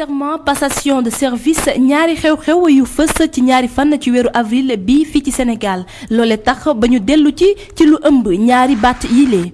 serment passation de service ñaari xew-xew yu fës ci ñaari fan ci weeru avril bi fii ci Sénégal loole tax ba ñu dellu ci ci lu ëmb ñaari baat yilee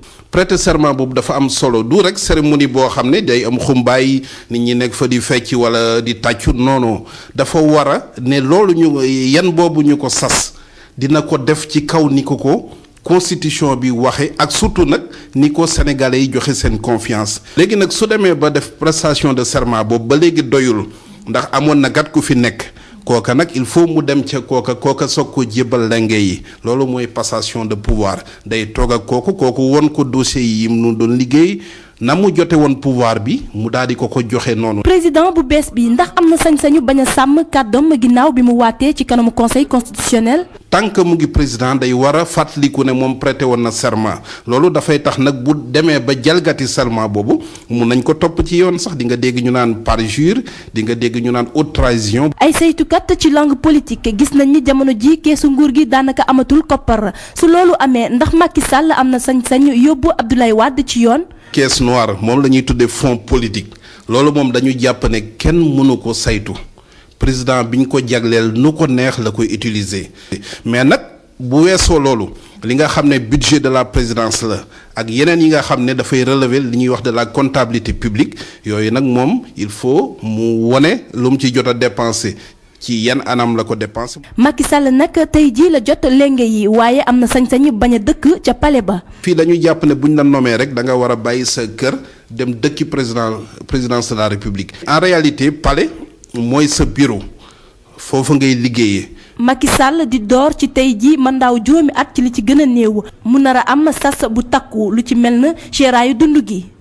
serment boobu dafa am solo du rek cérémonie boo xam ne day am xumbaay nit ñi nekk fa di fecc wala di tàccu noonu dafa war a ne loolu ñu yan boobu ñu ko sas dina ko def ci kaw ni ko ko constitution bi waxee ak surtout nag ni ko sénégalais yi joxe seen confiance léegi nag su demee ba def prestation de serment boobu ba léegi doyul ndax amoon na gat ku fi nekk kooka nag il faut mu dem ca kooka kooka soog ko jébbal lenge yi loolu mooy passation de pouvoir day toog ak kooku kooku won ko dossier yi mu doon liggéey na mu jote woon pouvoir bi mu daal di ko ko joxe noonu. président bu bees bi ndax am na sañ-sañu bañ a sàmm kàddoom ginnaaw bi mu waatee ci kanamu conseil constitutionnel. tant que mu ngi président day war a ne moom prêté woon na serment loolu dafay tax nag bu demee ba jalgati serment boobu mun nañ ko topp ci yoon sax di nga dégg ñu naan parjure di nga dégg ñu naan haute trahison. ay saytukat ci langue politique gis nañ ni jamono ji keesu nguur gi daanaka amatul koppar su loolu amee ndax Macky Sall am na sañ-sañ yóbbu Abdoulaye Wade ci yoon. caisse noire moom la ñuy tuddee fonds politique loolu moom dañu jàpp ne kenn mënu ko saytu président bi ñu ko jagleel nu ko neex la koy utiliser. mais nag bu weesoo loolu li nga xam ne budget de la présidence la ak yeneen yi nga xam ne dafay relever li ñuy wax de la comptabilité publique yooyu nag moom il faut mu wone lu mu ci jot a dépensé ci yan anam la ko dépense. Macky Sall nag tey jii la jot lenge yi waaye am na sañ-sañ bañ a dëkk ca pale ba. fii dañuy jàpp ne buñ la nommé rek da nga war a bàyyi sa kër dem dëkki président présidence de la république. en réalité pale mooy sa bureau foofu ngay liggéeyee. Macky Sall di door ci tey jii mandaaw juróomi at ci li ci gën a néew mu nar a am sas bu takku lu ci mel na seeraayu dund gi.